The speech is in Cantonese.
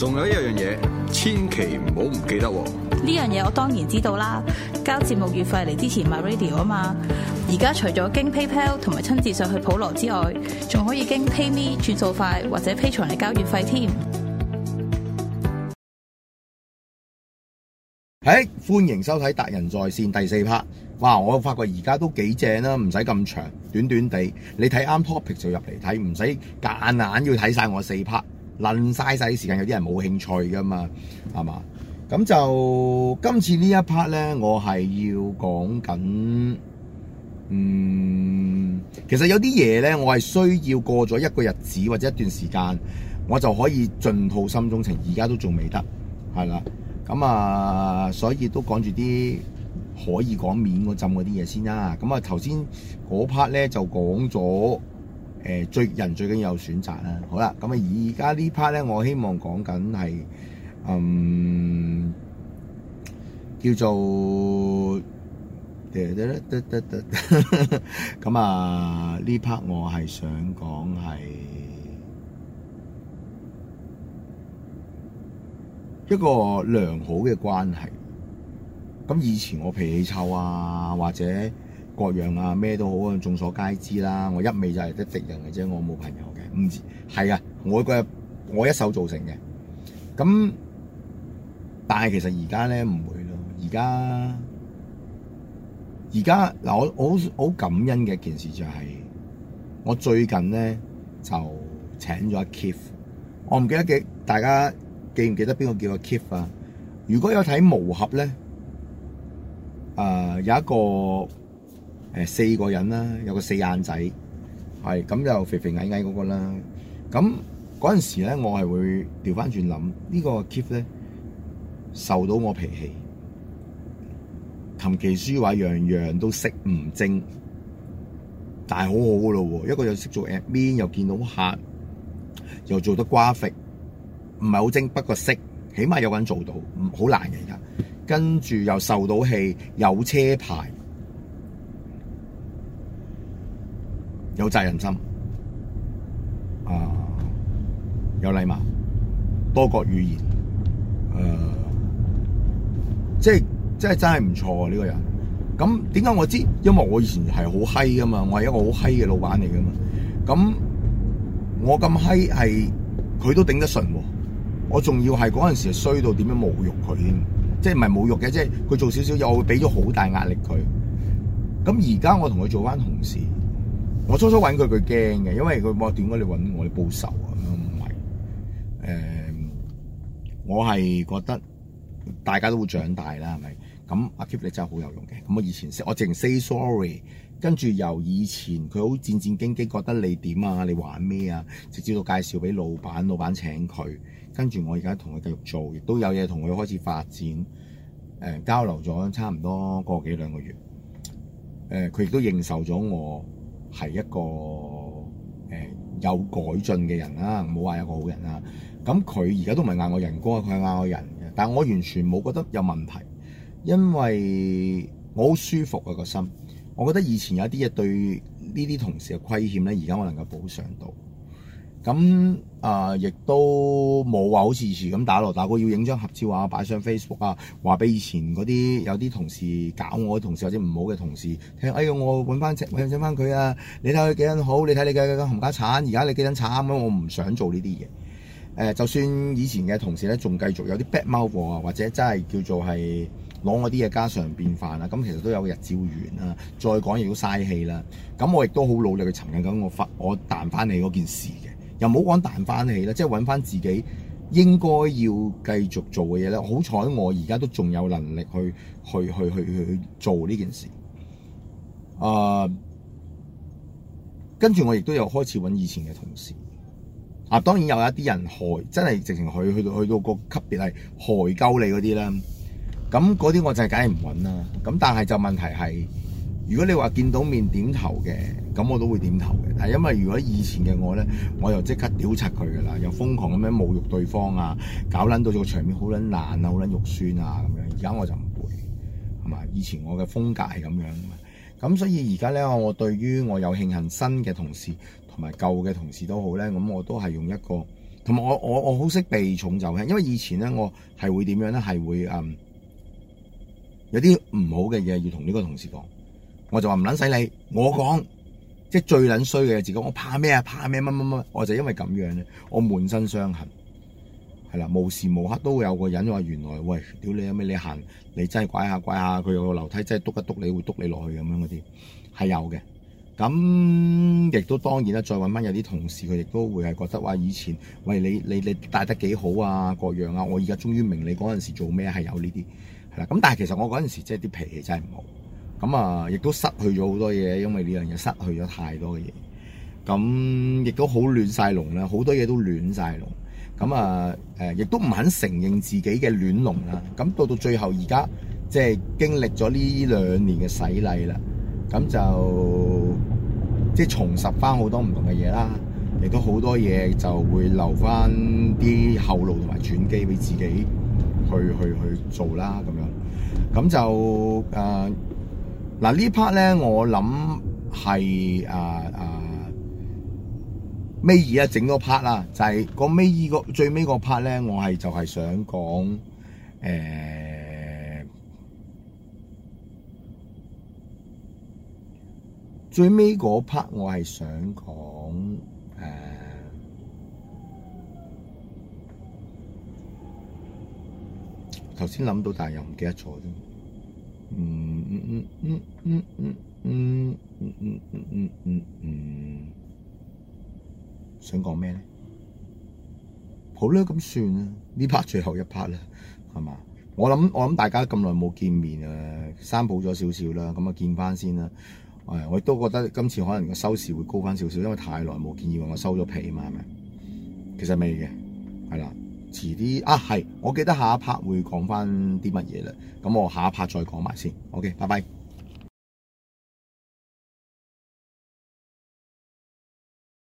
仲有一樣嘢，千祈唔好唔記得喎！呢樣嘢我當然知道啦，交節目月費嚟支持 MyRadio 啊嘛！而家除咗經 PayPal 同埋親自上去普羅之外，仲可以經 PayMe 轉數快或者 Patreon 嚟交月費添。誒、哎，歡迎收睇達仁在線第四 part。哇！我發覺而家都幾正啦、啊，唔使咁長，短短地，你睇啱 topic 就入嚟睇，唔使隔硬硬要睇晒我四 part。攢晒啲時間，有啲人冇興趣噶嘛，係嘛？咁就今次一呢一 part 咧，我係要講緊，嗯，其實有啲嘢咧，我係需要過咗一個日子或者一段時間，我就可以盡吐心中情，而家都仲未得，係啦。咁啊，所以都講住啲可以講面嗰陣嗰啲嘢先啦。咁啊，頭先嗰 part 咧就講咗。誒，最人最緊要有選擇啦。好啦，咁啊，而家呢 part 咧，我希望講緊係，嗯，叫做，咁 啊，呢 part 我係想講係一個良好嘅關係。咁以前我脾氣臭啊，或者。各樣啊，咩都好啊，眾所皆知啦。我一味就係啲敵人嘅啫，我冇朋友嘅，唔知，係啊。我嘅我一手造成嘅咁，但係其實而家咧唔會咯。而家而家嗱，我我好感恩嘅一件事就係、是、我最近咧就請咗 Kiff，我唔記得記大家記唔記得邊個叫阿 Kiff 啊？如果有睇無合咧，誒、呃、有一個。誒四個人啦，有個四眼仔，係咁又肥肥矮矮嗰個啦。咁嗰陣時咧，我係會調翻轉諗呢個 keep 咧，受到我脾氣，琴棋書畫樣樣都識唔精，但係好好嘅咯喎。一個又識做 admin，又見到客，又做得 graphic，唔係好精，不過識，起碼有個人做到，好難嘅而家。跟住又受到氣，有車牌。有責任心，啊，有禮貌，多國語言，誒、啊，即係即係真係唔錯啊！呢、呢個人，咁點解我知？因為我以前係好閪噶嘛，我係一個好閪嘅老闆嚟噶嘛，咁我咁閪係佢都頂得順，我仲、啊、要係嗰陣時衰到點樣侮辱佢，即係唔係侮辱嘅，即係佢做少少嘢，又會俾咗好大壓力佢。咁而家我同佢做翻同事。我初初揾佢，佢驚嘅，因為佢冇，點解你揾我哋報仇啊？唔係，誒、呃，我係覺得大家都會長大啦，係咪？咁阿 Kip 你真係好有用嘅。咁我以前我直情 say sorry，跟住由以前佢好戰戰兢兢，覺得你點啊？你玩咩啊？直至到介紹俾老闆，老闆請佢，跟住我而家同佢繼續做，亦都有嘢同佢開始發展，誒、呃，交流咗差唔多個幾兩個月，誒、呃，佢亦都認受咗我。係一個誒、呃、有改進嘅人啦，唔好話有個好人啦。咁佢而家都唔係嗌我人工，佢係嗌我人。但係我完全冇覺得有問題，因為我好舒服啊個心。我覺得以前有啲嘢對呢啲同事嘅虧欠咧，而家我能夠補償到。咁啊，亦、呃、都冇話好似以前咁打落打過。但係要影張合照啊，擺上 Facebook 啊，話俾以前嗰啲有啲同事搞我嘅同事，或者唔好嘅同事聽。哎呀，我揾翻請揾翻佢啊！你睇佢幾撚好，你睇你嘅嘅冚家鏟，而家你幾撚慘咁、啊。我唔想做呢啲嘢。誒、呃，就算以前嘅同事咧，仲繼續有啲 bad mouth 啊，或者真係叫做係攞我啲嘢家常便飯啊，咁其實都有個日照完啊，再講亦都嘥氣啦。咁我亦都好努力去尋緊，咁我翻我彈翻你嗰件事。又唔好講彈翻起啦，即係揾翻自己應該要繼續做嘅嘢咧。好彩我而家都仲有能力去去去去去去做呢件事。啊，跟住我亦都有開始揾以前嘅同事。啊，當然有一啲人害，真係直情佢去，去到去到個級別係害鳩你嗰啲啦。咁嗰啲我就係梗係唔揾啦。咁但係就問題係。如果你話見到面點頭嘅，咁我都會點頭嘅。但係因為如果以前嘅我呢，我又即刻屌柒佢噶啦，又瘋狂咁樣侮辱對方啊，搞撚到個場面好撚爛啊，好撚肉酸啊咁樣。而家我就唔會係嘛，以前我嘅風格係咁樣。咁所以而家呢，我對於我有慶幸新嘅同事同埋舊嘅同事都好呢。咁我都係用一個同埋我我我好識避重就輕，因為以前呢，我係會點樣呢？係會、嗯、有啲唔好嘅嘢要同呢個同事講。我就話唔撚使你，我講，即係最撚衰嘅自己講，我怕咩啊？怕咩？乜乜乜？我就因為咁樣咧，我滿身傷痕，係啦，無時無刻都會有個人話原來喂，屌你有咩你行，你真係拐下拐下，佢有個樓梯真係篤一篤你會篤你落去咁樣嗰啲係有嘅。咁亦都當然啦，再搵翻有啲同事佢亦都會係覺得話以前喂你你你帶得幾好啊，各樣啊，我而家終於明你嗰陣時做咩係有呢啲係啦。咁但係其實我嗰陣時即係啲脾氣真係唔好。咁啊，亦都失去咗好多嘢，因為呢樣嘢失去咗太多嘢。咁亦都好亂晒龍啦，好多嘢都亂晒龍。咁啊，誒，亦都唔肯承認自己嘅亂龍啦。咁到到最後而家，即係經歷咗呢兩年嘅洗禮啦。咁就即係重拾翻好多唔同嘅嘢啦，亦都好多嘢就會留翻啲後路同埋轉機俾自己去去去，去做啦，咁樣。咁就誒。呃嗱呢 part 咧，我諗係啊啊尾二啊整個 part 啦，就係個尾二個最尾個 part 咧，我係就係想講誒、呃、最尾嗰 part，我係想講誒頭先諗到，但係又唔記得咗啫，嗯。嗯嗯嗯嗯嗯嗯嗯嗯嗯嗯嗯，想講咩咧？好啦，咁算啦，呢 part 最後一 part 啦，係嘛？我諗我諗大家咁耐冇見面啊，生好咗少少啦，咁啊見翻先啦。誒，我亦都覺得今次可能個收視會高翻少少，因為太耐冇見，以為我收咗皮嘛，係咪？其實未嘅，係啦。遲啲啊，係，我記得下一 part 會講返啲乜嘢啦，咁我下一 part 再講埋先，OK，拜拜。